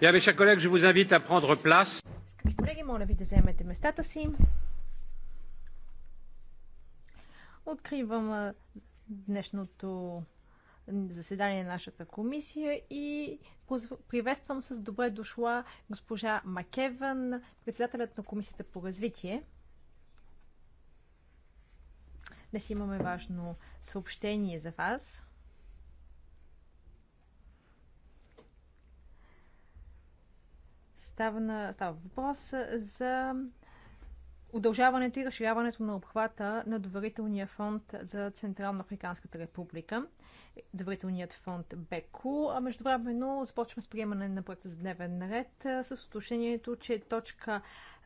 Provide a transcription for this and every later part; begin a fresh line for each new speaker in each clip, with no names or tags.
Bien, mes chers collègues, je vous invite à prendre place. Скъпи колеги, моля ви да заемете местата си. Откривам днешното заседание на нашата комисия и приветствам с добре дошла госпожа Макеван, председателят на Комисията по развитие. Днес имаме важно съобщение за вас. Става, на, става въпрос за удължаването и разширяването на обхвата на доверителния фонд за Централно Африканската република, доверителният фонд БЕКО. А междувременно започваме с приемане на проекта за дневен наред с отношението, че точка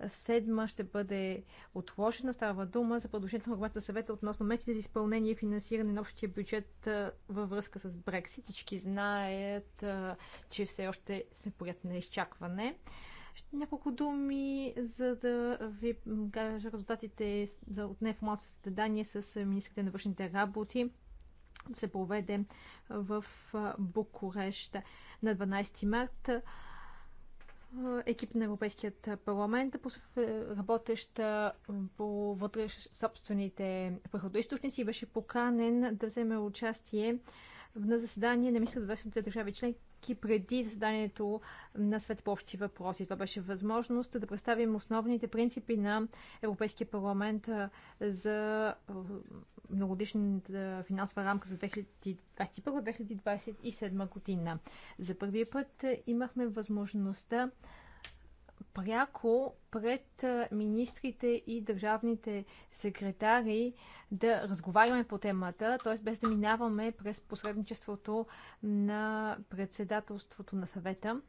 7 ще бъде отложена. Става дума за продължението на главата съвета относно методите за изпълнение и финансиране на общия бюджет във връзка с Брексит. Всички знаят, че все още се поряд на изчакване. Няколко думи, за да ви кажа резултатите за от неформалното състедание с е, министрите на външните работи се проведе в е, Букурещ на 12 март е, екип на Европейският парламент, работеща по вътреш собствените приходоисточници, беше поканен да вземе участие на заседание на министър 20 държави членки мерки преди заседанието на Свет по общи въпроси. Това беше възможност да представим основните принципи на Европейския парламент за многодишната финансова рамка за 2021-2027 година. За първи път имахме възможността пряко пред министрите и държавните секретари да разговаряме по темата, т.е. без да минаваме през посредничеството на председателството на съвета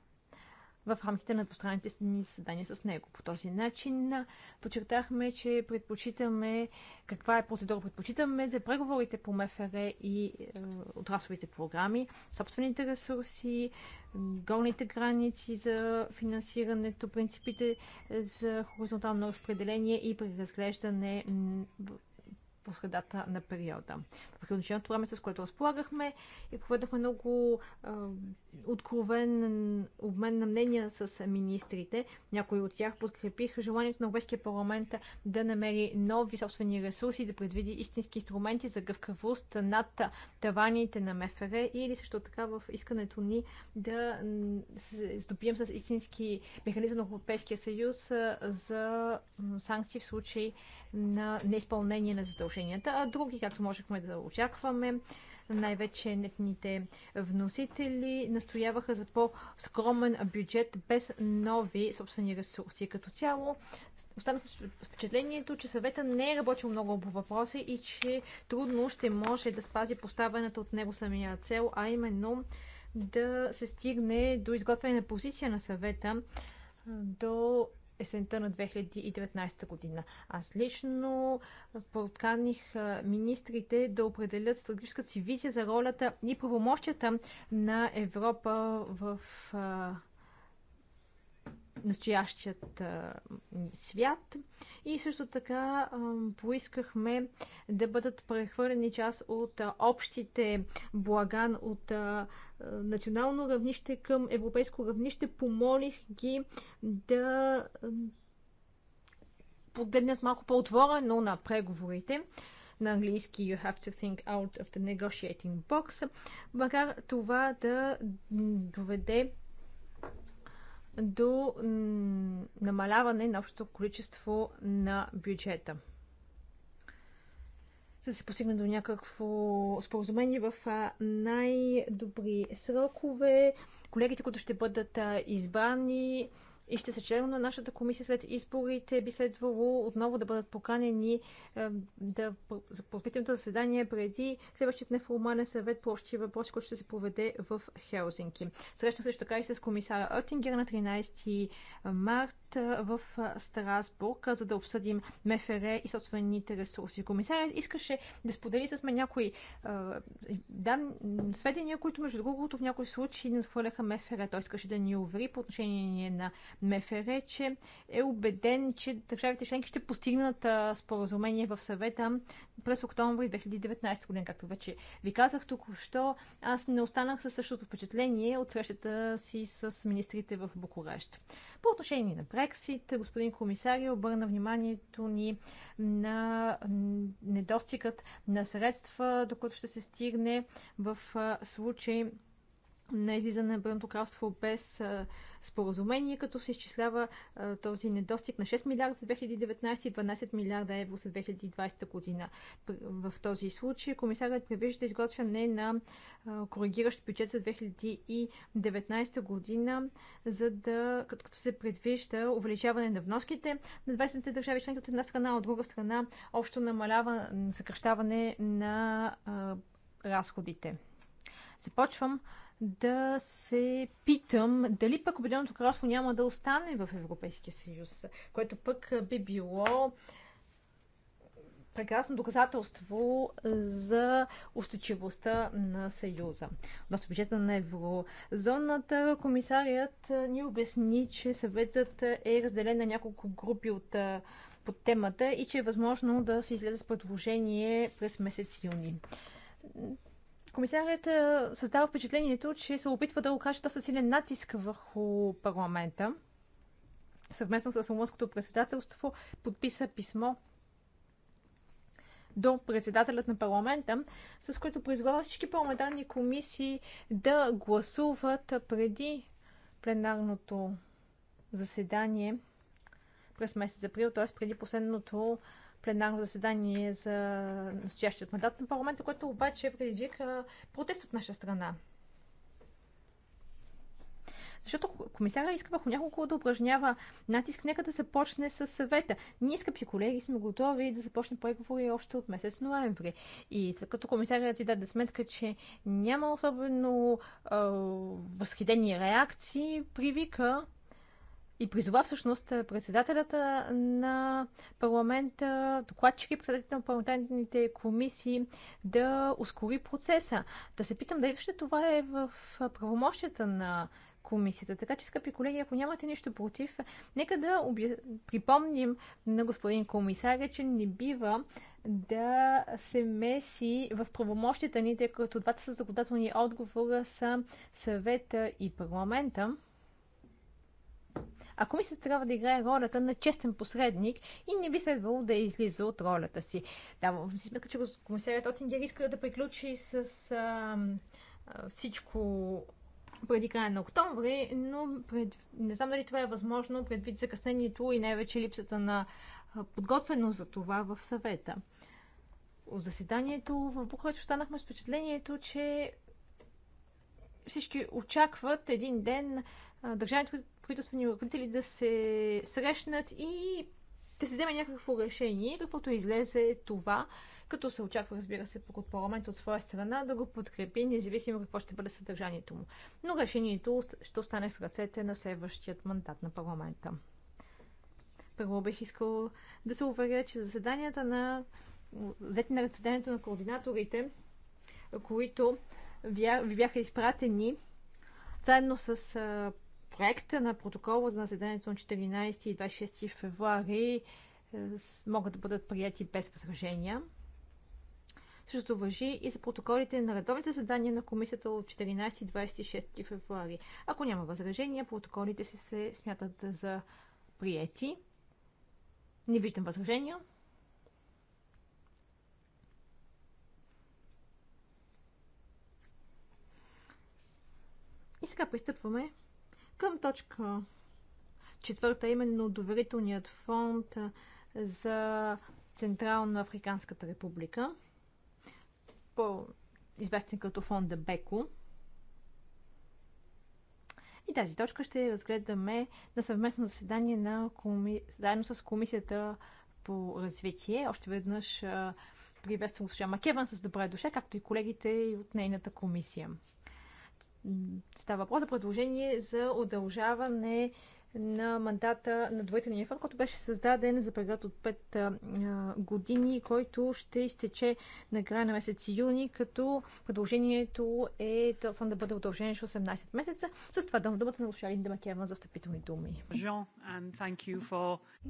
в рамките на двустранните ни съседания с него. По този начин подчертахме, че предпочитаме каква е процедура предпочитаме за преговорите по МФР и е, програми, собствените ресурси, горните граници за финансирането, принципите за хоризонтално разпределение и преразглеждане по средата на периода. В ограниченото време, с което разполагахме, и проведохме много е, откровен обмен на мнения с министрите. Някои от тях подкрепиха желанието на Европейския парламент да намери нови собствени ресурси, да предвиди истински инструменти за гъвкавост над таваните на МФР или също така в искането ни да се здобием с истински механизъм на Европейския съюз за санкции в случай на неизпълнение на задълженията, а други, както можехме да очакваме, най-вече нетните вносители настояваха за по-скромен бюджет без нови собствени ресурси. Като цяло, останах с впечатлението, че съвета не е работил много по въпроси и че трудно ще може да спази поставената от него самия цел, а именно да се стигне до изготвяне на позиция на съвета до есента на 2019 година. Аз лично подканих министрите да определят стратегическата си визия за ролята и правомощията на Европа в настоящият а, свят. И също така а, поискахме да бъдат прехвърлени част от а, общите благан от а, национално равнище към европейско равнище. Помолих ги да погледнат малко по-отворено на преговорите на английски You have to think out of the negotiating box, макар това да доведе до намаляване на общото количество на бюджета. За да се постигне до някакво споразумение в най-добри срокове, колегите, които ще бъдат избрани, и ще се членове на нашата комисия след изборите би следвало отново да бъдат поканени е, да, запровитим това заседание преди следващият неформален съвет по общи въпроси, който ще се проведе в Хелзинки. Срещна също така и с комисара Оттингер на 13 март е, в е, Страсбург, за да обсъдим МФР и собствените ресурси. Комисарът искаше да сподели с мен някои дан, сведения, които между другото в някои случаи не отхвърляха МФР. Той искаше да ни увери по отношение на МФР, че е убеден, че държавите членки ще постигнат споразумение в съвета през октомври 2019 година, както вече ви казах току-що. Аз не останах със същото впечатление от срещата си с министрите в Букурещ. По отношение на Брексит, господин комисари е обърна вниманието ни на недостигът на средства, до които ще се стигне в случай на излизане на Бърното кралство без а, споразумение, като се изчислява а, този недостиг на 6 милиарда за 2019 и 12 милиарда евро за 2020 година. В този случай комисарът предвижда изготвяне на а, коригиращ бюджет за 2019 година, за да, като, се предвижда увеличаване на вноските на 20-те държави членки от една страна, а от друга страна общо намалява съкръщаване на разходите. Започвам да се питам дали пък Обединеното кралство няма да остане в Европейския съюз, което пък би било прекрасно доказателство за устойчивостта на Съюза. Относно бюджета на еврозоната, комисарият ни обясни, че съветът е разделен на няколко групи от под темата и че е възможно да се излезе с предложение през месец юни комисарят е, създава впечатлението, че се опитва да окаже доста силен натиск върху парламента. Съвместно с румънското председателство подписа писмо до председателят на парламента, с което призвава всички парламентарни комисии да гласуват преди пленарното заседание през месец април, т.е. преди последното пленарно заседание за настоящият мандат на парламента, което обаче предизвика протест от наша страна. Защото комисара иска върху няколко да упражнява натиск, нека да започне с съвета. Ние, скъпи колеги, сме готови да започнем преговори още от месец ноември. И след като комисарят си даде сметка, че няма особено е, възхитени реакции, привика и призова всъщност е, председателята на парламента, докладчики, председателите на парламентарните комисии да ускори процеса. Да се питам дали ще това е в правомощията на комисията. Така че, скъпи колеги, ако нямате нищо против, нека да обя... припомним на господин комисаря, че не бива да се меси в правомощията ни, тъй като двата са законодателни отговора са съвета и парламента а комисията трябва да играе ролята на честен посредник и не би следвало да излиза от ролята си. Да, си сметка, че комисарят Отингер иска да приключи с а, а, всичко преди края на октомври, но пред... не знам дали това е възможно предвид закъснението и най-вече липсата на подготвено за това в съвета. От заседанието в Бухарест останахме с впечатлението, че всички очакват един ден държавните правителствени ръководители да се срещнат и да се вземе някакво решение, каквото излезе това, като се очаква, разбира се, от парламент от своя страна да го подкрепи, независимо какво ще бъде съдържанието му. Но решението ще остане в ръцете на следващият мандат на парламента. Първо бих искал да се уверя, че заседанията на взети на заседанието на координаторите, които ви бяха изпратени заедно с проекта на протокола за наседанието на 14 и 26 февруари е, могат да бъдат прияти без възражения. Същото въжи и за протоколите на редовните задания на комисията от 14 и 26 февруари. Ако няма възражения, протоколите се, се смятат за прияти. Не виждам възражения. И сега пристъпваме към точка четвърта, именно доверителният фонд за Централна Африканската република, по-известен като фонда БЕКО. И тази точка ще разгледаме на съвместно заседание на коми... заедно с Комисията по развитие. Още веднъж приветствам госпожа Макеван с добра душа, както и колегите от нейната комисия. Става въпрос за предложение за удължаване на мандата на двойтения фонд, който беше създаден за период от 5 години, който ще изтече на края на месец юни, като предложението е този фонд да бъде удължен 18 месеца. С това дам думата на Лошалин
Демакерна за встъпителни думи.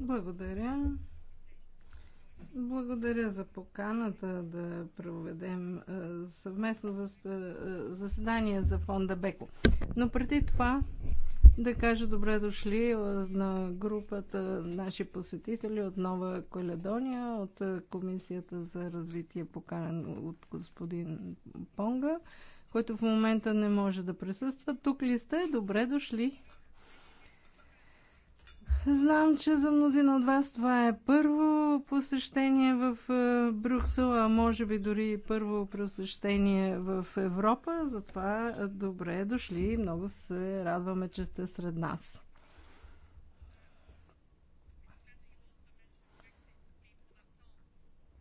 Благодаря. Благодаря за поканата да проведем е, съвместно е, заседание за фонда Беко. Но преди това да кажа добре дошли е, на групата наши посетители от Нова Каледония, от Комисията за развитие, поканен от господин Понга, който в момента не може да присъства. Тук ли сте? Добре дошли! Знам, че за мнозина от вас това е първо посещение в е, Брюксел, а може би дори първо посещение в Европа. Затова е, добре дошли. Много се радваме, че сте сред нас.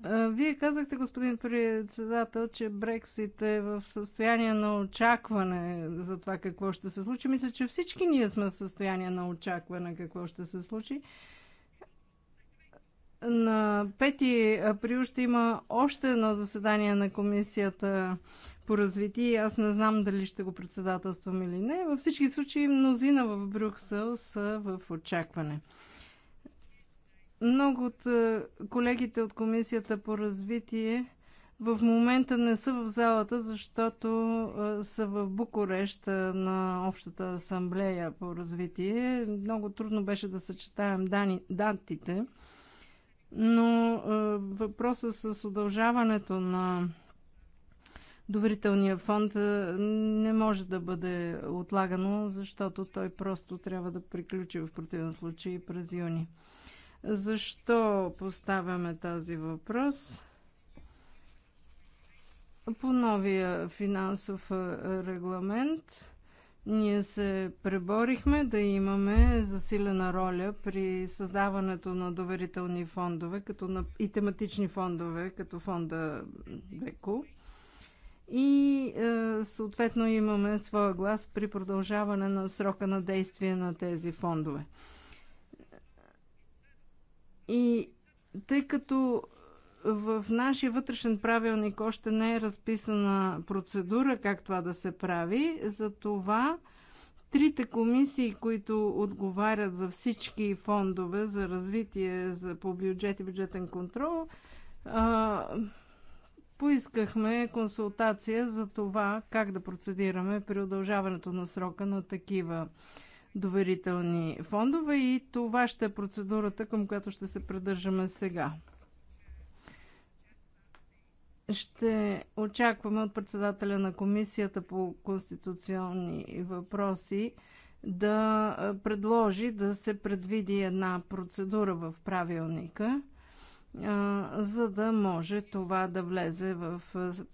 Вие казахте, господин председател, че Брексит е в състояние на очакване за това какво ще се случи. Мисля, че всички ние сме в състояние на очакване какво ще се случи. На 5 април ще има още едно заседание на комисията по развитие. Аз не знам дали ще го председателствам или не. Във всички случаи мнозина в Брюксел са в очакване. Много от е, колегите от Комисията по развитие в момента не са в залата, защото е, са в Букурещ на Общата асамблея по развитие. Много трудно беше да съчетаем дани, датите, но е, въпроса с удължаването на доверителния фонд не може да бъде отлагано, защото той просто трябва да приключи в противен случай през юни. Защо поставяме този въпрос? По новия финансов регламент ние се преборихме да имаме засилена роля при създаването на доверителни фондове като на, и тематични фондове, като фонда БЕКО. И е, съответно имаме своя глас при продължаване на срока на действие на тези фондове. И тъй като в нашия вътрешен правилник още не е разписана процедура как това да се прави, за това трите комисии, които отговарят за всички фондове за развитие за, по бюджет и бюджетен контрол, а, поискахме консултация за това как да процедираме при удължаването на срока на такива доверителни фондове и това ще е процедурата, към която ще се придържаме сега. Ще очакваме от председателя на Комисията по конституционни въпроси да предложи да се предвиди една процедура в правилника, за да може това да влезе в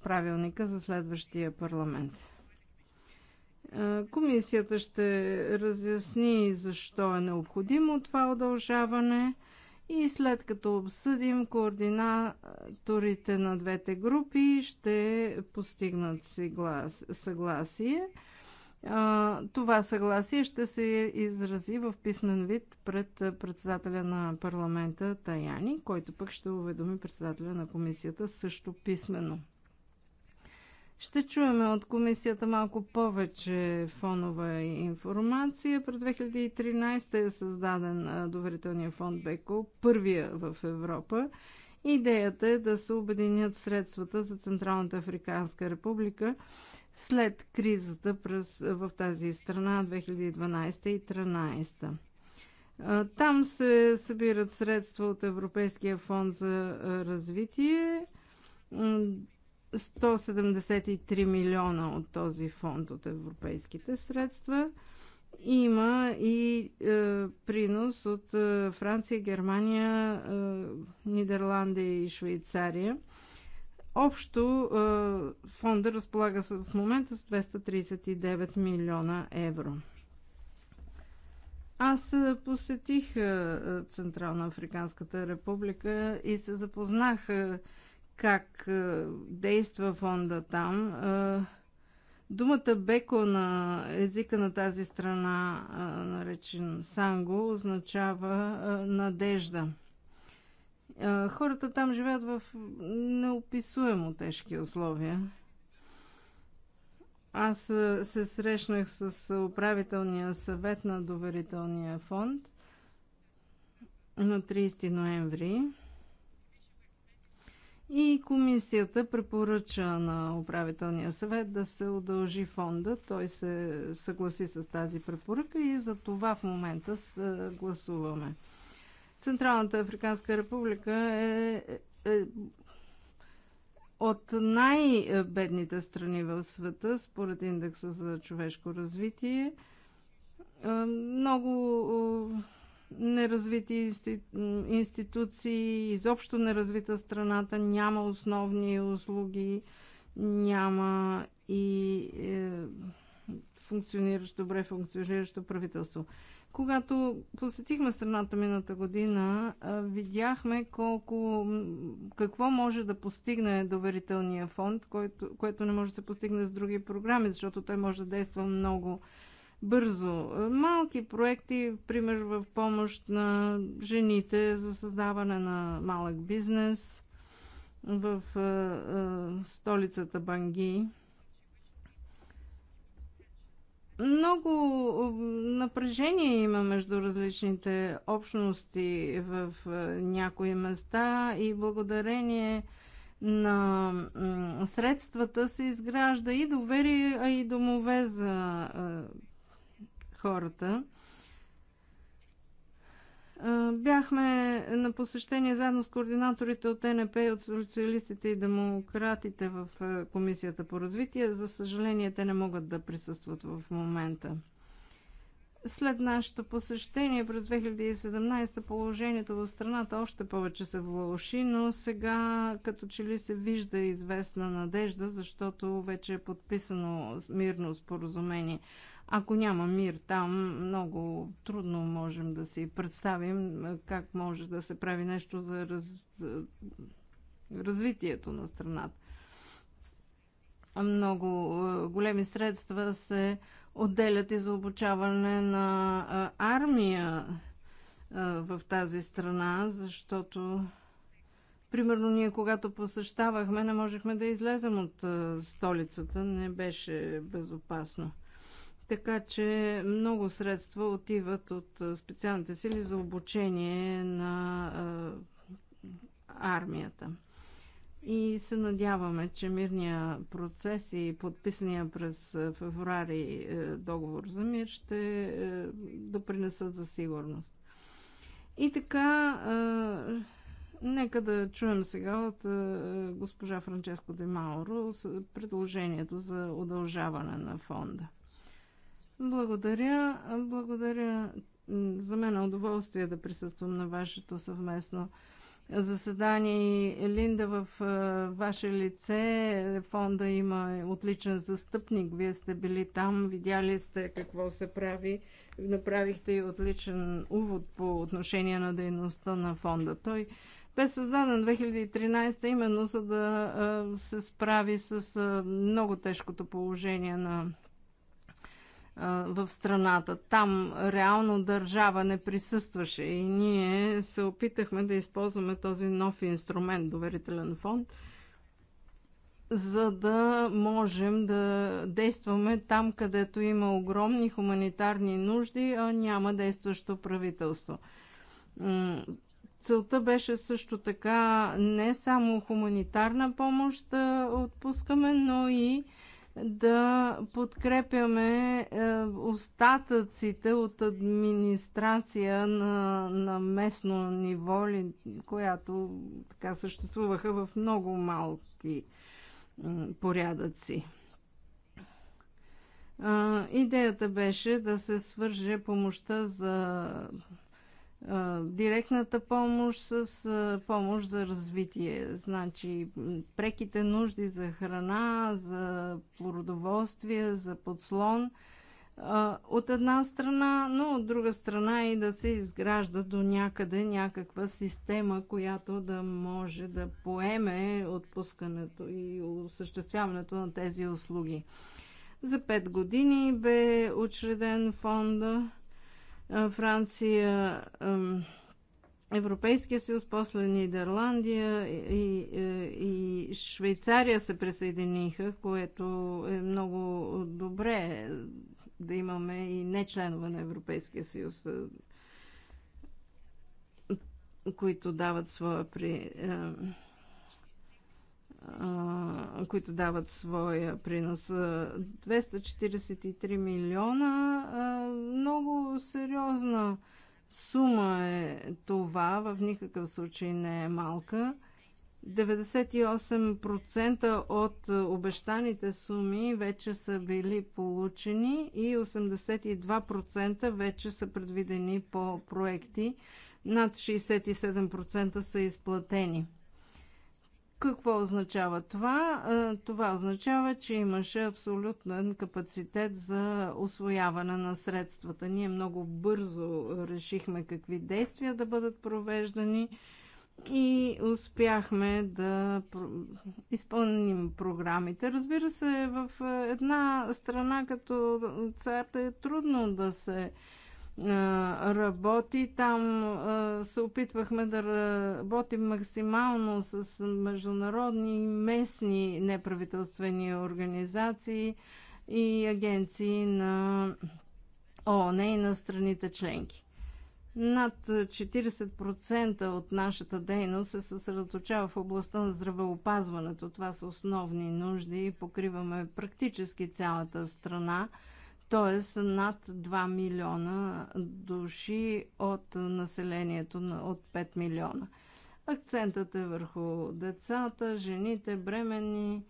правилника за следващия парламент. Е, комисията ще разясни защо е необходимо това удължаване и след като обсъдим координаторите на двете групи ще постигнат съгласие. Е, това съгласие ще се изрази в писмен вид пред председателя на парламента Таяни, който пък ще уведоми председателя на комисията също писменно. Ще чуваме от комисията малко повече фонова информация. През 2013 е създаден доверителния фонд БЕКО, първия в Европа. Идеята е да се обединят средствата за Централната Африканска република след кризата през, в тази страна 2012 и 2013. Там се събират средства от Европейския фонд за развитие 173 милиона от този фонд от европейските средства. Има и е, принос от е, Франция, Германия, е, Нидерландия и Швейцария. Общо е, фонда разполага в момента с 239 милиона евро. Аз е, посетих е, Централна Африканската република и се запознах е, как е, действа фонда там. Е, думата беко на езика на тази страна, е, наречен санго, означава надежда. Хората там живеят в неописуемо тежки условия. Аз се срещнах с управителния съвет на доверителния фонд на 30 ноември. И комисията препоръча на управителния съвет да се удължи фонда. Той се съгласи с тази препоръка и за това в момента е, гласуваме. Централната Африканска република е, е, е от най-бедните страни в света, според индекса за човешко развитие. Е, много неразвити институции, изобщо неразвита страната, няма основни услуги, няма и е, функциониращо, добре функциониращо правителство. Когато посетихме страната мината година, е, видяхме колко, какво може да постигне доверителния фонд, който, което не може да се постигне с други програми, защото той може да действа много бързо. Малки проекти, пример в помощ на жените за създаване на малък бизнес в столицата Банги. Много напрежение има между различните общности в някои места и благодарение на средствата се изгражда и доверие, а и домове за хората. Бяхме на посещение заедно с координаторите от НП и от социалистите и демократите в Комисията по развитие. За съжаление, те не могат да присъстват в момента. След нашето посещение през 2017 положението в страната още повече се влоши, но сега като че ли се вижда известна надежда, защото вече е подписано мирно споразумение. Ако няма мир там, много трудно можем да си представим как може да се прави нещо за, раз... за развитието на страната. Много големи средства се отделят и за обучаване на армия в тази страна, защото Примерно ние, когато посещавахме, не можехме да излезем от столицата. Не беше безопасно. Така че много средства отиват от специалните сили за обучение на армията. И се надяваме, че мирния процес и подписания през феврари е, договор за мир ще е, допринесат за сигурност. И така, нека да чуем сега от госпожа Франческо Демауро предложението за удължаване на фонда. Благодаря. Благодаря. За мен е удоволствие да присъствам на вашето съвместно заседание. Линда, в ваше лице е, фонда има отличен застъпник. Вие сте били там, видяли сте какво се прави. Направихте и отличен увод по отношение на дейността на фонда. Той бе създаден 2013 именно за да се справи с много тежкото положение на в страната. Там реално държава не присъстваше и ние се опитахме да използваме този нов инструмент, доверителен фонд, за да можем да действаме там, където има огромни хуманитарни нужди, а няма действащо правителство. Целта беше също така не само хуманитарна помощ да отпускаме, но и да подкрепяме е, остатъците от администрация на, на местно ниво, която така съществуваха в много малки порядъци. Идеята беше да се свърже помощта за директната помощ с помощ за развитие. Значи преките нужди за храна, за продоволствие, за подслон от една страна, но от друга страна и да се изгражда до някъде някаква система, която да може да поеме отпускането и осъществяването на тези услуги. За 5 години бе учреден фонда Франция, Европейския съюз, после Нидерландия и, е, и Швейцария се присъединиха, което е много добре да имаме и не членове на Европейския съюз, е, които дават своя при е, които дават своя принос. 243 милиона, много сериозна сума е това, в никакъв случай не е малка. 98% от обещаните суми вече са били получени и 82% вече са предвидени по проекти. Над 67% са изплатени. Какво означава това? Това означава, че имаше абсолютен капацитет за освояване на средствата. Ние много бързо решихме какви действия да бъдат провеждани и успяхме да изпълним програмите. Разбира се, в една страна като царта е трудно да се работи. Там се опитвахме да работим максимално с международни и местни неправителствени организации и агенции на ООН и на страните членки. Над 40% от нашата дейност се съсредоточава в областта на здравеопазването. Това са основни нужди и покриваме практически цялата страна т.е. над 2 милиона души от населението от 5 милиона. Акцентът е върху децата, жените, бремени.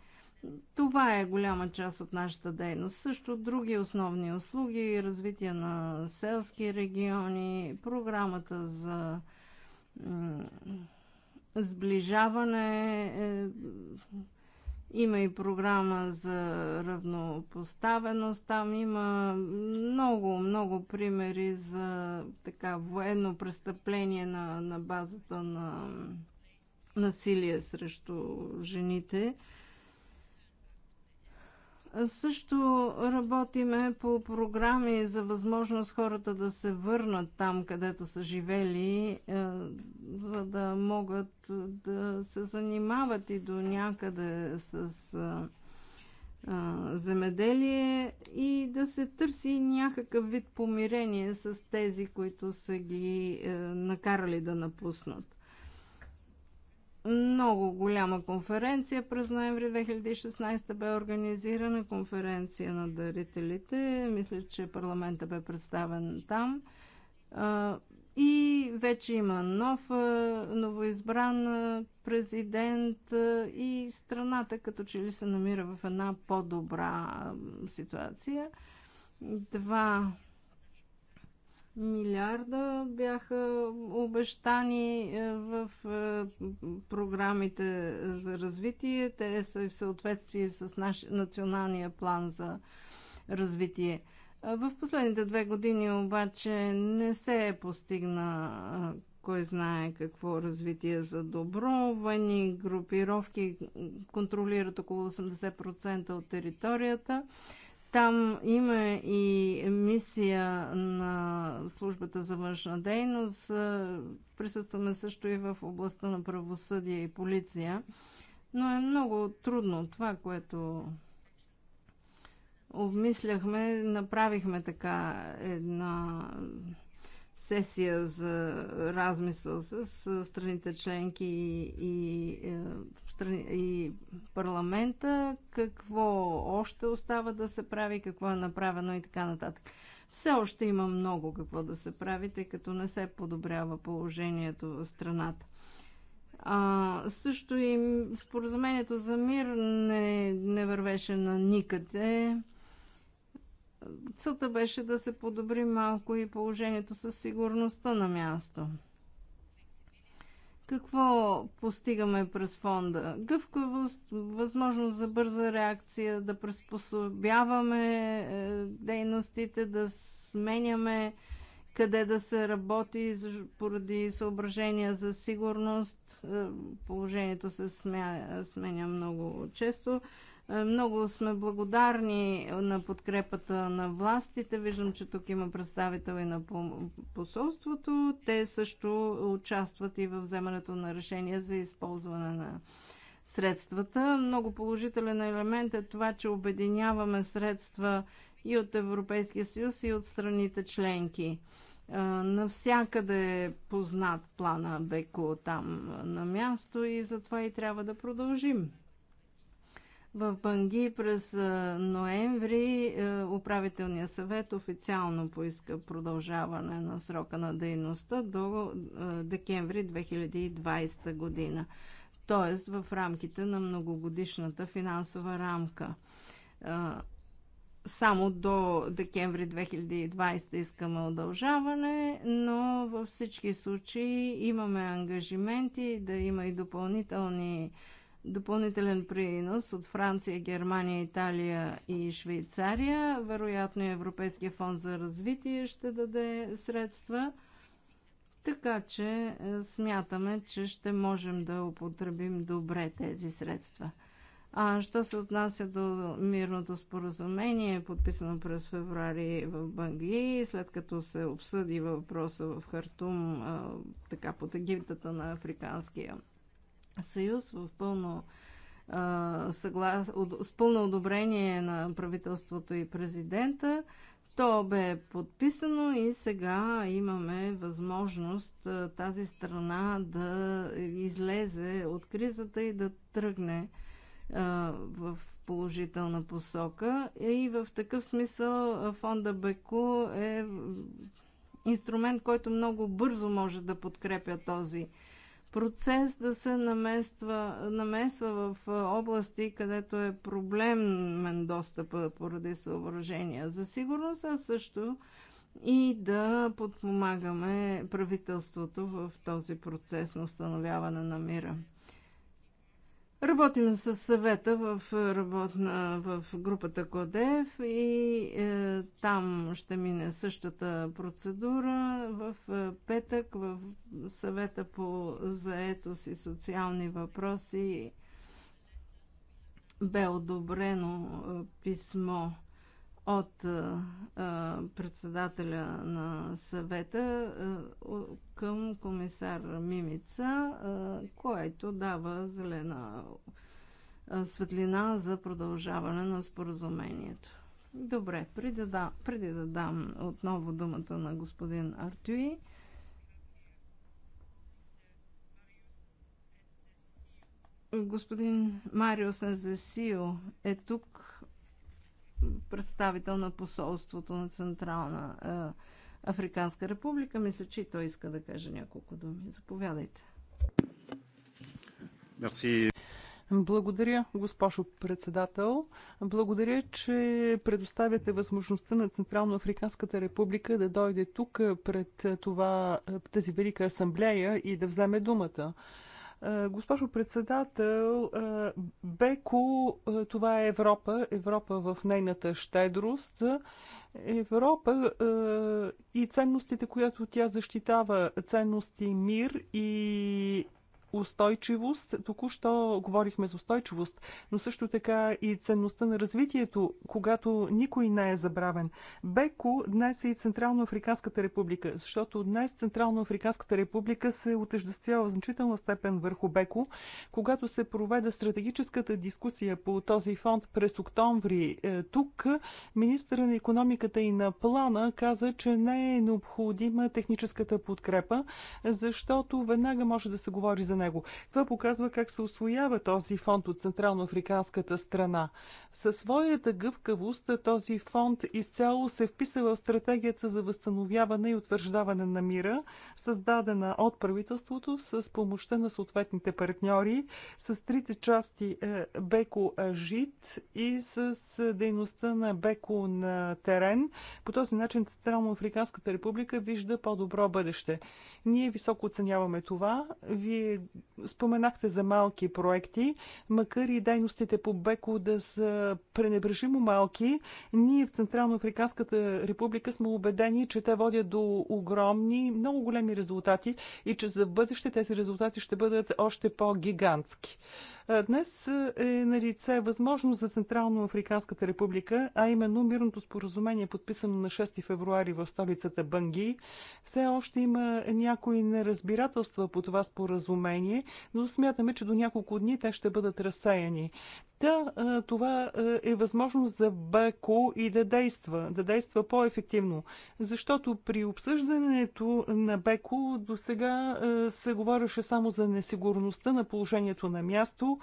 Това е голяма част от нашата дейност. Също други основни услуги, развитие на селски региони, програмата за сближаване, е, има и програма за равнопоставеност. Там има много, много примери за така военно престъпление на, на базата на насилие срещу жените. Също работиме по програми за възможност хората да се върнат там, където са живели, е, за да могат да се занимават и до някъде с е, е, земеделие и да се търси някакъв вид помирение с тези, които са ги накарали да напуснат. Много голяма конференция през ноември 2016 бе организирана конференция на дарителите. Мисля, че парламента бе представен там. И вече има нов, новоизбран президент и страната като че ли се намира в една по-добра ситуация. Два милиарда бяха обещани е, в е, програмите за развитие. Те са в съответствие с наш националния план за развитие. В последните две години обаче не се е постигна кой знае какво развитие за добро. Военни групировки контролират около 80% от територията. Там има и мисия на службата за външна дейност. Е, присъстваме също и в областта на правосъдие и полиция. Но е много трудно това, което обмисляхме, направихме така една сесия за размисъл с страните членки и, и е, страни, и парламента, какво още остава да се прави, какво е направено и така нататък. Все още има много какво да се прави, тъй като не се подобрява положението в страната. А, също и споразумението за мир не, не вървеше на никъде. Целта беше да се подобри малко и положението със сигурността на място. Какво постигаме през фонда? Гъвкавост, възможност за бърза реакция, да приспособяваме е, дейностите, да сменяме къде да се работи поради съображения за сигурност. Е, положението се сменя много често. Е, много сме благодарни на подкрепата на властите. Виждам, че тук има представители на посолството. Те също участват и в вземането на решения за използване на средствата. Много положителен елемент е това, че обединяваме средства и от Европейския съюз, и от страните членки. Е, навсякъде е познат плана Беко там е, на място и затова и трябва да продължим. В Банги през ноември управителният съвет официално поиска продължаване на срока на дейността до декември 2020 година, т.е. в рамките на многогодишната финансова рамка. Само до декември 2020 искаме удължаване, но във всички случаи имаме ангажименти да има и допълнителни допълнителен принос от Франция, Германия, Италия и Швейцария. Вероятно и Европейския фонд за развитие ще даде средства. Така че е, смятаме, че ще можем да употребим добре тези средства. А що се отнася до мирното споразумение, подписано през феврари в Бангли, след като се обсъди въпроса в Хартум, е, така под египтата на Африканския съюз в пълно с пълно одобрение на правителството и президента. То бе подписано и сега имаме възможност тази страна да излезе от кризата и да тръгне в положителна посока. И в такъв смисъл фонда Беку е инструмент, който много бързо може да подкрепя този процес да се намества, намесва в области, където е проблемен достъп поради съображения за сигурност, а също и да подпомагаме правителството в този процес на установяване на мира. Работим с съвета в, е, работна, в групата Кодев и е, там ще мине същата процедура. В е, петък в съвета по заетост и социални въпроси бе одобрено е, писмо от председателя на съвета към комисар Мимица, който дава зелена светлина за продължаване на споразумението. Добре, преди да, преди да дам отново думата на господин Артюи, господин Марио Сензесио е тук представител на посолството на Централна а, е, Африканска република. Мисля, че и той иска да каже няколко думи. Заповядайте. Мерси.
Благодаря, госпожо председател. Благодаря, че предоставяте възможността на Централно Африканската република да дойде тук пред това, тази велика асамблея и да вземе думата. Е, госпожо председател, е, Беко, е, това е Европа, Европа в нейната щедрост. Европа и ценностите, която тя защитава, ценности мир и устойчивост. Току-що говорихме за устойчивост, но също така и ценността на развитието, когато никой не е забравен. Беко днес е и Централно-Африканската република, защото днес Централно-Африканската република се отъждествява в значителна степен върху Беко. Когато се проведе стратегическата дискусия по този фонд през октомври е, тук, министъра на економиката и на плана каза, че не е необходима техническата подкрепа, защото веднага може да се говори за него. Това показва как се освоява този фонд от Централноафриканската страна. Със своята гъвкавост този фонд изцяло се вписа в стратегията за възстановяване и утвърждаване на мира, създадена от правителството с помощта на съответните партньори, с трите части е, Беко Жит и с е, дейността на Беко на терен. По този начин Централноафриканската република вижда по-добро бъдеще. Ние високо оценяваме това. Вие Споменахте за малки проекти, макар и дейностите по БЕКО да са пренебрежимо малки, ние в Централно-Африканската република сме убедени, че те водят до огромни, много големи резултати и че за бъдеще тези резултати ще бъдат още по-гигантски. Днес е на лице възможност за Централно-Африканската република, а именно мирното споразумение, подписано на 6 февруари в столицата Банги. Все още има някои неразбирателства по това споразумение изменение, но смятаме, че до няколко дни те ще бъдат разсеяни. Та да, това е възможност за БЕКО и да действа, да действа по-ефективно. Защото при обсъждането на БЕКО до сега се говореше само за несигурността на положението на място,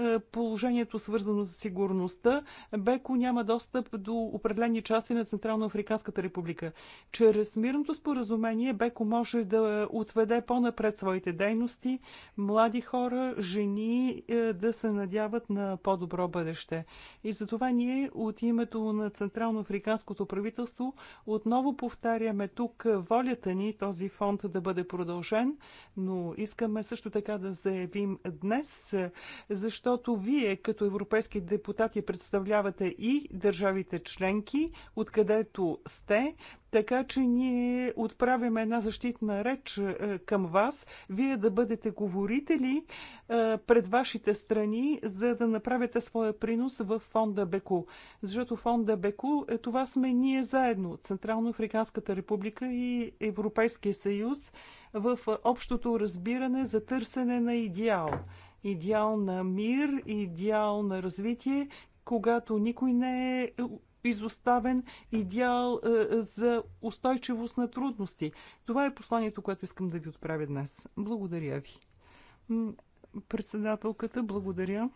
е, положението свързано с сигурността. Беко няма достъп до определени части на Централно-Африканската република. Чрез мирното споразумение Беко може да отведе по-напред своите дейности, млади хора, жени е, да се надяват на по-добро бъдеще. И затова ние от името на Централно-Африканското правителство отново повтаряме тук волята ни този фонд да бъде продължен, но искаме също така да заявим днес, защото защото вие като европейски депутати представлявате и държавите членки, откъдето сте, така че ние отправяме една защитна реч е, към вас, вие да бъдете говорители е, пред вашите страни, за да направите своя принос в фонда Беку. Защото фонда Беку, е, това сме ние заедно, Централно-Африканската република и Европейския съюз, в общото разбиране за търсене на идеал – идеал на мир, идеал на развитие, когато никой не е изоставен идеал е, е, за устойчивост на трудности. Това е посланието, което искам да ви отправя днес. Благодаря ви. Председателката, благодаря.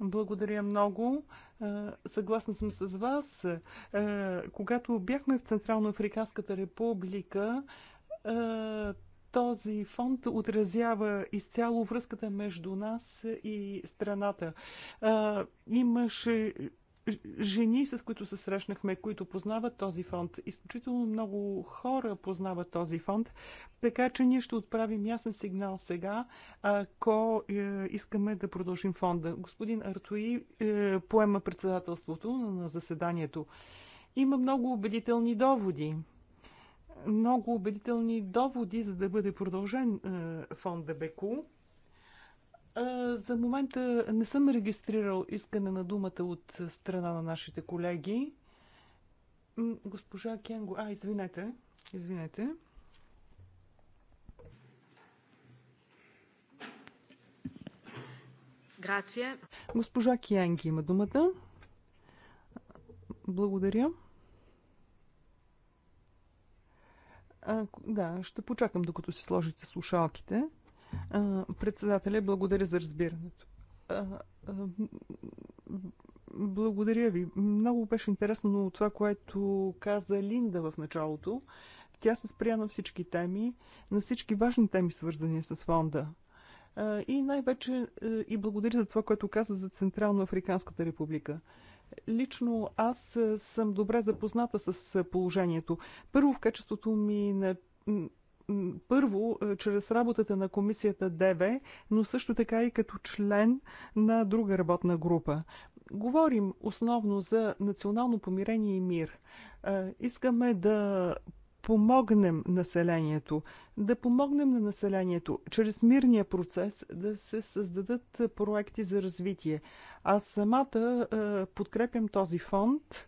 Благодаря много. Е, съгласна съм с вас. Когато бяхме в Централно Африканската република, този фонд отразява изцяло връзката между нас и страната. Имаше жени, с които се срещнахме, които познават този фонд. Изключително много хора познават този фонд, така че ние ще отправим ясен сигнал сега, ако е, искаме да продължим фонда. Господин Артуи е, поема председателството на заседанието. Има много убедителни доводи много убедителни доводи, за да бъде продължен е, фонда Беку. За момента не съм регистрирал искане на думата от страна на нашите колеги. Госпожа Кенго... А, извинете. Извинете. Грация. Госпожа Кианги има думата. Благодаря. А, да, ще почакам докато си сложите слушалките. А, председателя, благодаря за разбирането. А, а, благодаря ви. Много беше интересно това, което каза Линда в началото. Тя се спря на всички теми, на всички важни теми, свързани с фонда. И най-вече и благодаря за това, което каза за Централно Африканската република. Лично аз съм добре запозната с положението. Първо в качеството ми на първо, чрез работата на комисията ДВ, но също така и като член на друга работна група. Говорим основно за национално помирение и мир. Искаме да помогнем населението, да помогнем на населението чрез мирния процес да се създадат проекти за развитие. Аз самата подкрепям този фонд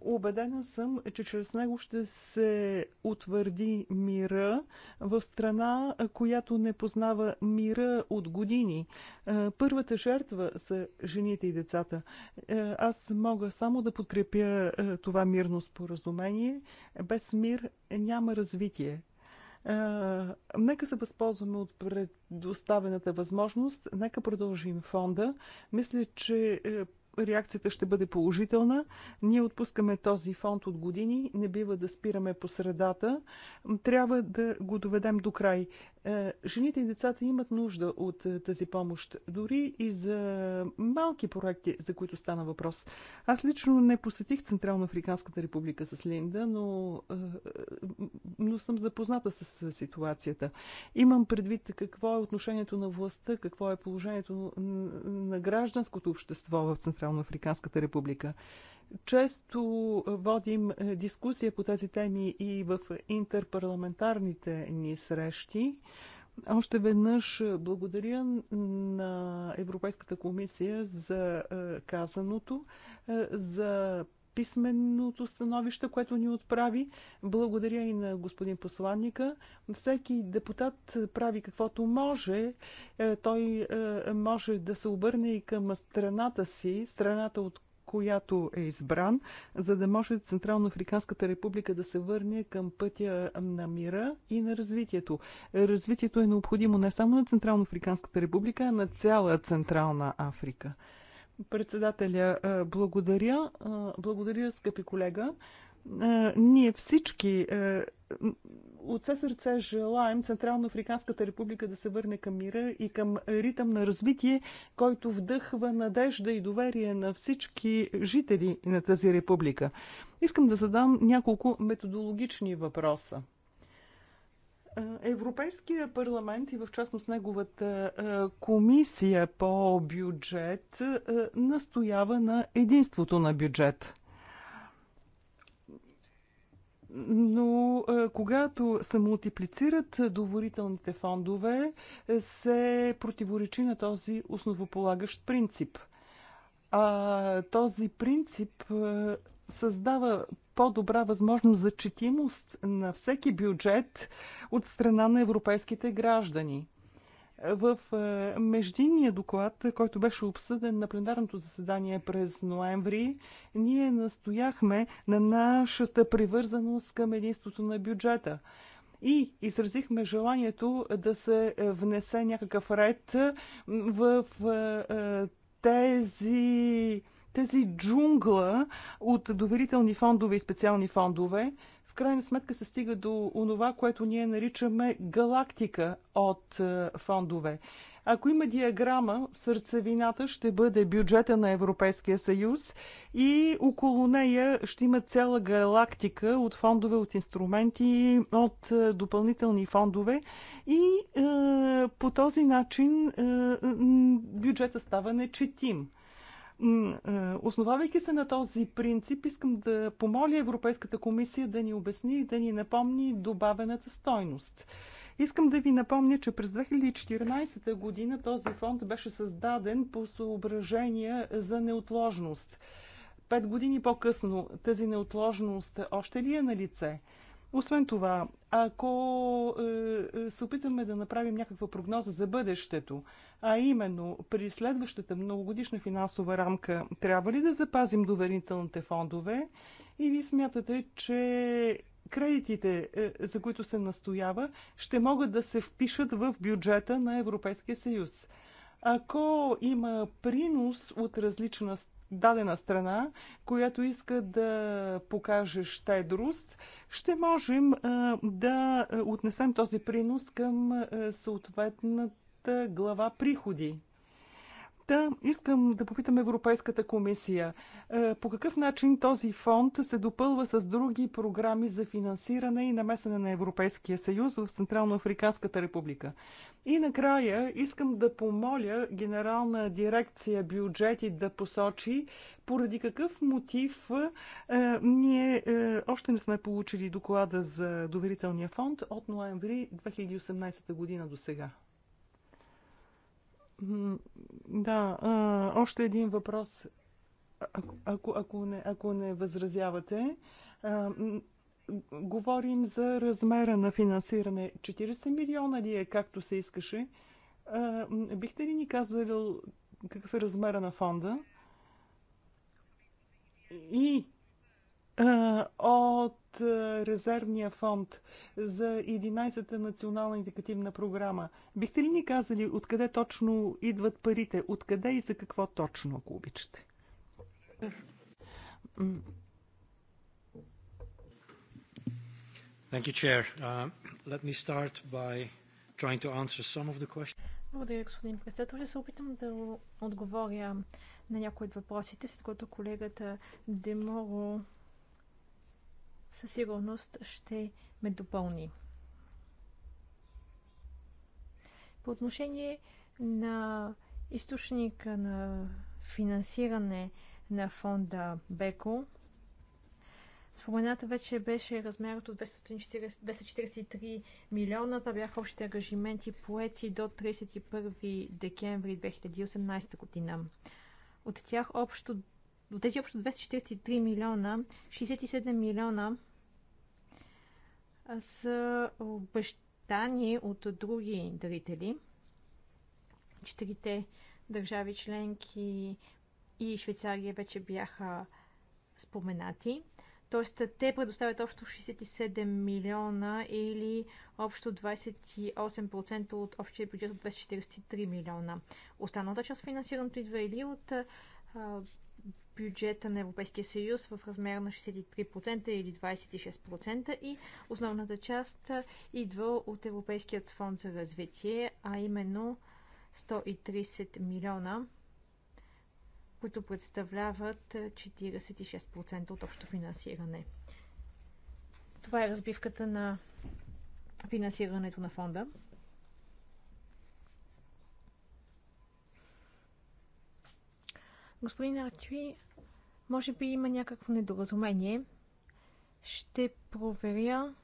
Обедена съм, че чрез него ще се утвърди мира в страна, която не познава мира от години. Първата жертва са жените и децата. Аз мога само да подкрепя това мирно споразумение. Без мир няма развитие. нека се възползваме от предоставената възможност. Нека продължим фонда. Мисля, че реакцията ще бъде положителна. Ние отпускаме този фонд от години, не бива да спираме по средата. Трябва да го доведем до край. Е, жените и децата имат нужда от е, тази помощ, дори и за малки проекти, за които стана въпрос. Аз лично не посетих Централно-Африканската република с Линда, но, е, но съм запозната с ситуацията. Имам предвид какво е отношението на властта, какво е положението на гражданското общество в Централно-Африканската република. Често е, водим е, дискусия по тези теми и в интерпарламентарните ни срещи. Още веднъж е, благодаря на Европейската комисия за казаното, за писменото становище, което ни отправи. Благодаря и на господин посланника. Всеки депутат прави каквото може. Той може да се обърне и към страната си, страната от която е избран, за да може Централно-Африканската република да се върне към пътя на мира и на развитието. Развитието е необходимо не само на Централно-Африканската република, а на цяла Централна Африка. Председателя, благодаря. Благодаря, скъпи колега. Ние всички от все сърце желаем Централно-Африканската република да се върне към мира и към ритъм на развитие, който вдъхва надежда и доверие на всички жители на тази република. Искам да задам няколко методологични въпроса. Европейския парламент и в частност неговата комисия по бюджет настоява на единството на бюджет но е, когато се мултиплицират доверителните фондове, се противоречи на този основополагащ принцип. А този принцип е, създава по-добра възможност за четимост на всеки бюджет от страна на европейските граждани. В е, междинния доклад, който беше обсъден на пленарното заседание през ноември, ние настояхме на нашата привързаност към единството на бюджета и изразихме желанието да се внесе някакъв ред в е, е, тези, тези джунгла от доверителни фондове и специални фондове в крайна сметка се стига до онова, което ние наричаме галактика от е, фондове. Ако има диаграма, в сърцевината ще бъде бюджета на Европейския съюз и около нея ще има цяла галактика от фондове, от инструменти, от е, допълнителни фондове и е, по този начин е, бюджета става нечетим. Е, основавайки се на този принцип, искам да помоля Европейската комисия да ни обясни и да ни напомни добавената стойност. Искам да ви напомня, че през 2014 година този фонд беше създаден по съображения за неотложност. Пет години по-късно тази неотложност още ли е на лице? Освен това, ако е, е, се опитаме да направим някаква прогноза за бъдещето, а именно при следващата многогодишна финансова рамка, трябва ли да запазим доверителните фондове или смятате, че кредитите, е, за които се настоява, ще могат да се впишат в бюджета на Европейския съюз? Ако има принос от различна дадена страна, която иска да покаже щедрост, ще можем да отнесем този принос към съответната глава приходи. Та искам да попитам Европейската комисия. Е, по какъв начин този фонд се допълва с други програми за финансиране и намесване на Европейския съюз в Централно-Африканската република? И накрая искам да помоля Генерална дирекция бюджети да посочи поради какъв мотив е, ние е, още не сме получили доклада за доверителния фонд от ноември 2018 година до сега. Да, а, още един въпрос. Ако, ако, ако, не, ако не възразявате, а, говорим за размера на финансиране. 40 милиона ли е, както се искаше? А, бихте ли ни казали какъв е размера на фонда? И а, от от резервния фонд за 11-та национална индикативна програма. Бихте ли ни казали откъде точно идват парите? Откъде и за какво точно, ако обичате? Thank you, Chair. Uh, let me start by trying to answer some of the questions.
Благодаря, господин председател. Ще се опитам да отговоря на някои от въпросите, след което колегата Деморо със сигурност ще ме допълни. По отношение на източника на финансиране на фонда БЕКО, Спомената вече беше размерът от 240, 243 милиона. Това бяха общите ангажименти поети до 31 декември 2018 година. От тях общо от тези общо 243 милиона, 67 милиона са обещани от други дарители. Четирите държави членки и Швейцария вече бяха споменати. Тоест, те предоставят общо 67 милиона или общо 28% от общия бюджет от 243 милиона. Останалата част финансирането идва или от бюджета на Европейския съюз в размер на 63% или 26% и основната част идва от Европейският фонд за развитие, а именно 130 милиона, които представляват 46% от общо финансиране. Това е разбивката на финансирането на фонда. Господин Артюи, може би има някакво недоразумение. Ще проверя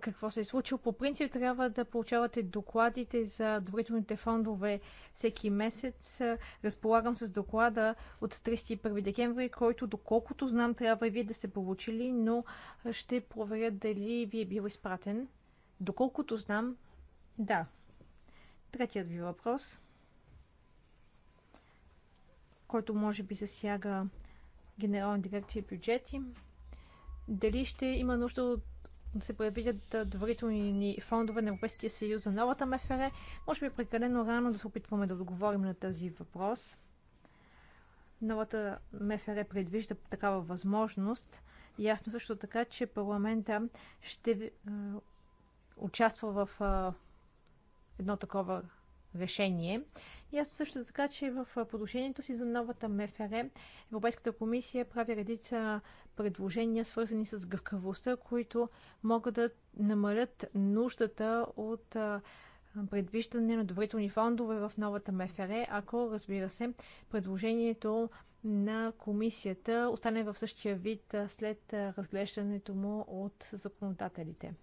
какво се е случило. По принцип трябва да получавате докладите за доверителните фондове всеки месец. Разполагам с доклада от 31 декември, който доколкото знам трябва и вие да сте получили, но ще проверя дали ви е бил изпратен. Доколкото знам, да. Третият ви въпрос – който може би засяга генерална дирекция бюджети. Дали ще има нужда от да се предвидят доверителни фондове на Европейския съюз за новата МФР. Може би е прекалено рано да се опитваме да отговорим на този въпрос. Новата МФР предвижда такава възможност. Ясно също така, че парламента ще участва в едно такова решение. Ясно също така, че в продължението си за новата МФР Европейската комисия прави редица предложения, свързани с гъвкавостта, които могат да намалят нуждата от предвиждане на доверителни фондове в новата МФР, ако, разбира се, предложението на комисията остане в същия вид след разглеждането му от законодателите.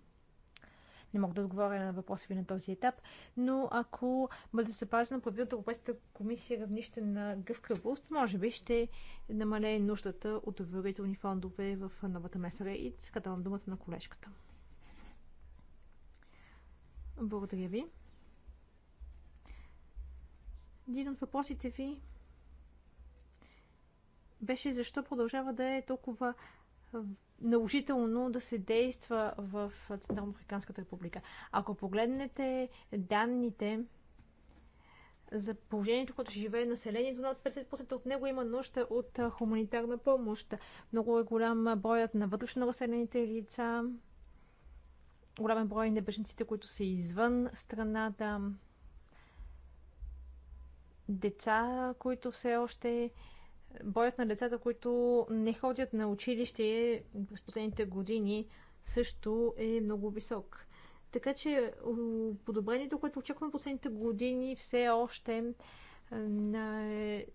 Не мога да отговоря на въпроса ви на този етап, но ако бъде запазено правило от Европейската комисия е равнище на гъвкавост, може би ще намалее нуждата от доверителни фондове в новата МФР и сега давам думата на колежката. Благодаря ви. Един от въпросите ви беше защо продължава да е толкова наложително да се действа в Централно-Африканската република. Ако погледнете данните за положението, което живее населението, над 50% от него има нужда от хуманитарна помощ. Много е голям броят на вътрешно разселените лица, голям е брой на бежниците, които са извън страната, деца, които все още Боят на децата, които не ходят на училище през последните години, също е много висок. Така че подобрението, което очакваме последните години, все още е, на...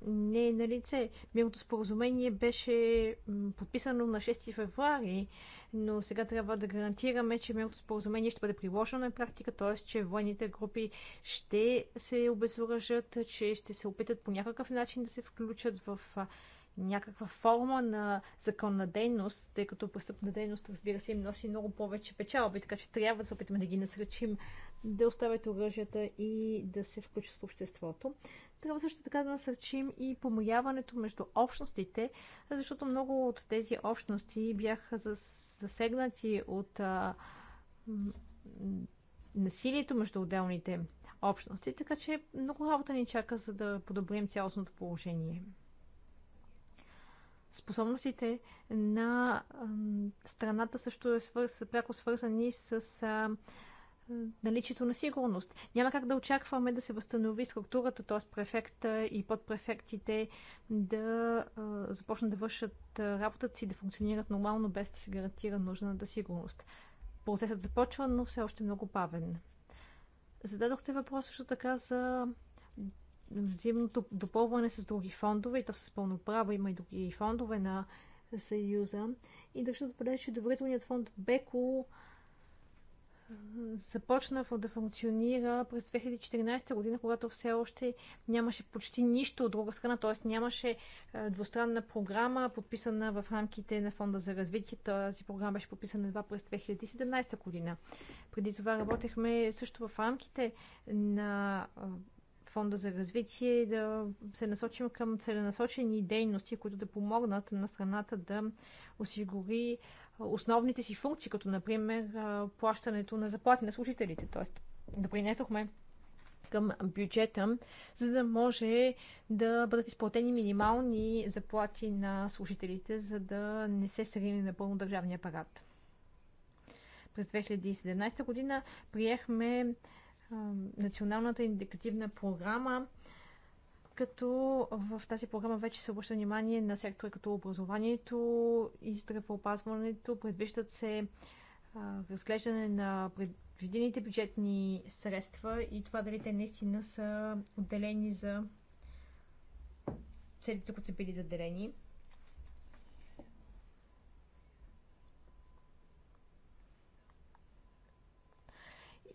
не е на лице. Милото споразумение беше подписано на 6 февруари, но сега трябва да гарантираме, че мирното споразумение ще бъде приложено на практика, т.е. че военните групи ще се обезоръжат, че ще се опитат по някакъв начин да се включат в някаква форма на законна дейност, тъй като престъпна дейност, разбира се, им носи много повече печалби, така че трябва да се опитаме да ги насръчим да оставят оръжията и да се включат в обществото. Трябва също така да насърчим и помояването между общностите, защото много от тези общности бяха засегнати от а, насилието между отделните общности, така че много работа ни чака, за да подобрим цялостното положение. Способностите на страната също е свърз, са пряко свързани с а, наличието на сигурност. Няма как да очакваме да се възстанови структурата, т.е. префекта и подпрефектите да а, започнат да вършат работата си, да функционират нормално, без да се гарантира нужната сигурност. Процесът започва, но все още много бавен. Зададохте въпрос също така за взаимното допълване с други фондове, и то с пълно право има и други фондове на Съюза. И държа да отбележа, че доверителният фонд БЕКО започна да функционира през 2014 година, когато все още нямаше почти нищо от друга страна, т.е. нямаше е, двустранна програма, подписана в рамките на Фонда за развитие. Тази програма беше подписана едва през 2017 година. Преди това работехме също в рамките на фонда за развитие да се насочим към целенасочени дейности, които да помогнат на страната да осигури основните си функции, като например плащането на заплати на служителите. да допринесохме към бюджета, за да може да бъдат изплатени минимални заплати на служителите, за да не се срине напълно държавния апарат. През 2017 година приехме националната индикативна програма като в тази програма вече се обръща внимание на сектори като образованието и здравеопазването. Предвиждат се а, разглеждане на предвидените бюджетни средства и това дали те наистина са отделени за целите, които са били заделени.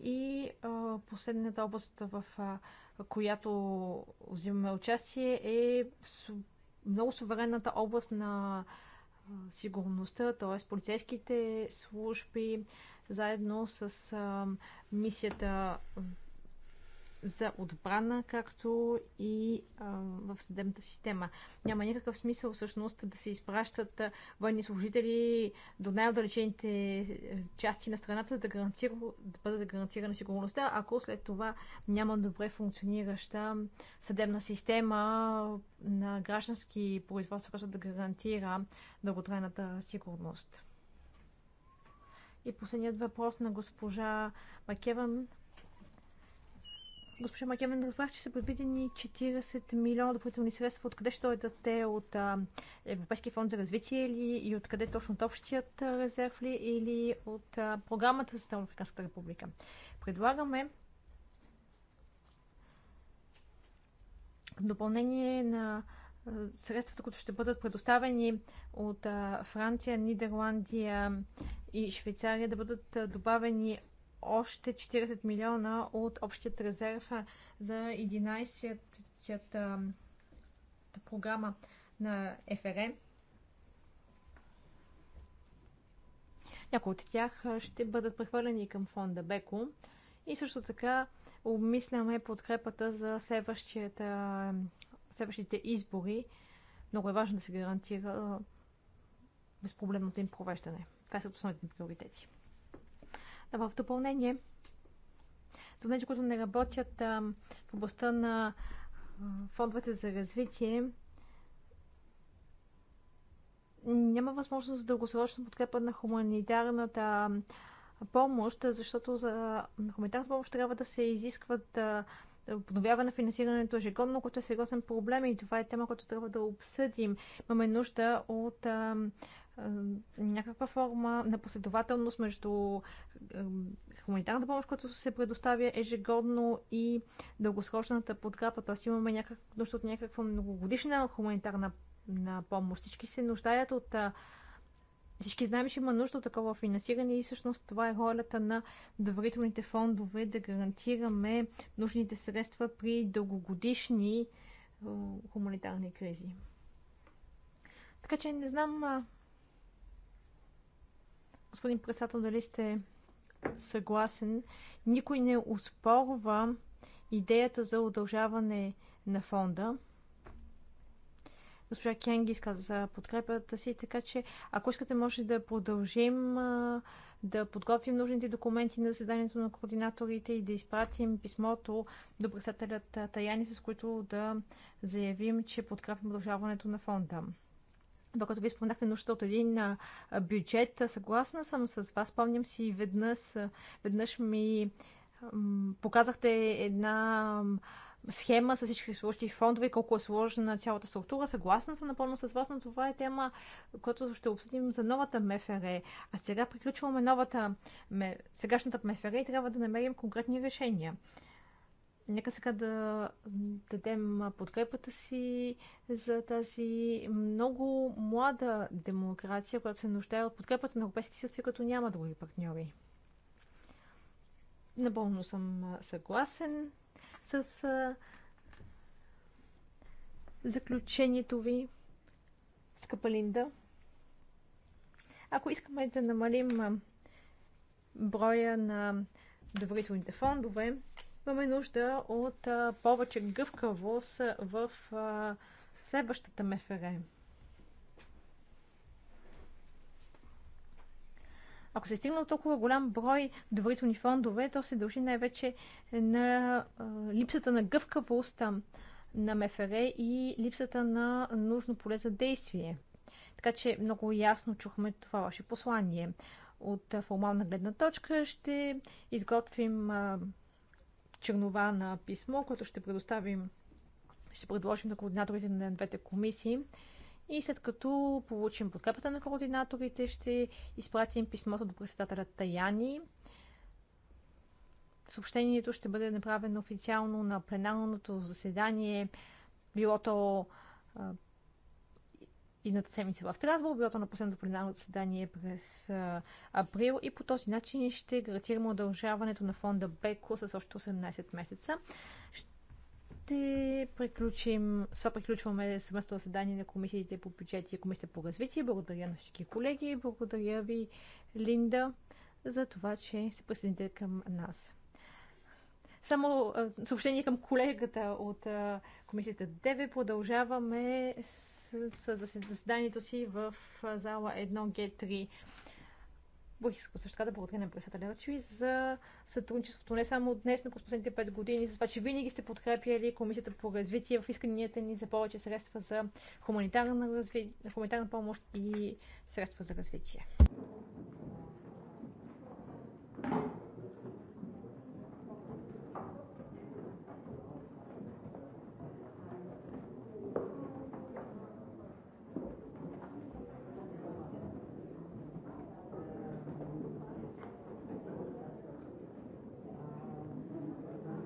И а, последната област, в а, която взимаме участие, е много суверенната област на сигурността, т.е. полицейските служби, заедно с а, мисията за отбрана, както и а, в съдебната система. Няма никакъв смисъл всъщност да се изпращат военни служители до най-отдалечените е, части на страната, за да, гарантира, да бъде гарантирана сигурността, ако след това няма добре функционираща съдебна система на граждански производства, която да гарантира дълготрайната сигурност. И последният въпрос на госпожа Макеван госпожа Макевен, разбрах, че са предвидени 40 милиона допълнителни средства. Откъде ще дойдат те? От Европейския фонд за развитие или И откъде точно от общият резерв ли? Или от програмата за Африканската република? Предлагаме допълнение на средствата, които ще бъдат предоставени от Франция, Нидерландия и Швейцария, да бъдат добавени още 40 милиона от общият резерв за 11-ята програма на ФРМ. Е. Някои от тях ще бъдат прехвърлени към фонда БЕКО. И също така обмисляме подкрепата за следващите избори. Много е важно да се гарантира безпроблемното им провеждане. Това са основните приоритети в допълнение, за тези, които не работят а, в областта на фондовете за развитие, няма възможност за дългосрочна подкрепа на хуманитарната помощ, защото за хуманитарната помощ трябва да се изискват подновява на финансирането ежегодно, което е сериозен проблем и това е тема, която трябва да обсъдим. Имаме нужда от а, някаква форма на последователност между хуманитарната помощ, която се предоставя ежегодно и дългосрочната подкрепа. Тоест имаме някак, нужда от някаква многогодишна хуманитарна на помощ. Всички се нуждаят от всички знаем, че има нужда от такова финансиране и всъщност това е ролята на доверителните фондове да гарантираме нужните средства при дългогодишни хуманитарни кризи. Така че не знам господин председател, дали сте съгласен, никой не успорва идеята за удължаване на фонда. Госпожа Кенги изказа за подкрепата си, така че ако искате, може да продължим да подготвим нужните документи на заседанието на координаторите и да изпратим писмото до председателят Таяни, с което да заявим, че подкрепим удължаването на фонда това, което ви споменахте, нужда от един бюджет. Съгласна съм с вас. Помням си веднъж, веднъж ми показахте една схема с всички сложни фондове, колко е сложна цялата структура. Съгласна съм напълно с вас, но това е тема, която ще обсъдим за новата МФР. А сега приключваме новата, сегашната МФР и трябва да намерим конкретни решения. Нека сега да дадем подкрепата си за тази много млада демокрация, която се нуждае от подкрепата на Европейския съюз, като няма други партньори. Напълно съм съгласен с заключението ви, скъпа Линда. Ако искаме да намалим броя на доверителните фондове, имаме нужда от повече гъвкавост в следващата МФР. Ако се е стигна от толкова голям брой доверителни фондове, то се дължи най-вече на липсата на гъвкавост на МФР и липсата на нужно поле за действие. Така че много ясно чухме това ваше послание. От формална гледна точка ще изготвим чернова на писмо, което ще предоставим, ще предложим на координаторите на двете комисии. И след като получим подкрепата на координаторите, ще изпратим писмото до председателя Таяни. Съобщението ще бъде направено официално на пленарното заседание, било то едната седмица в Страсбург, било то на последното пленарно заседание през а, април и по този начин ще гарантираме удължаването на фонда БЕКО с още 18 месеца. Ще приключим, с това приключваме съвместно заседание на комисиите по бюджет и комисията по развитие. Благодаря на всички колеги, благодаря ви, Линда, за това, че се присъедините към нас. Само съобщение към колегата от комисията ДВ. Продължаваме с, с заседанието си в зала 1G3. Бих искал също така да благодаря на председателя Рачи за сътрудничеството не само днес, но през последните 5 години, за това, че винаги сте подкрепяли Комисията по развитие в исканията ни за повече средства за хуманитарна, разви... хуманитарна помощ и средства за развитие.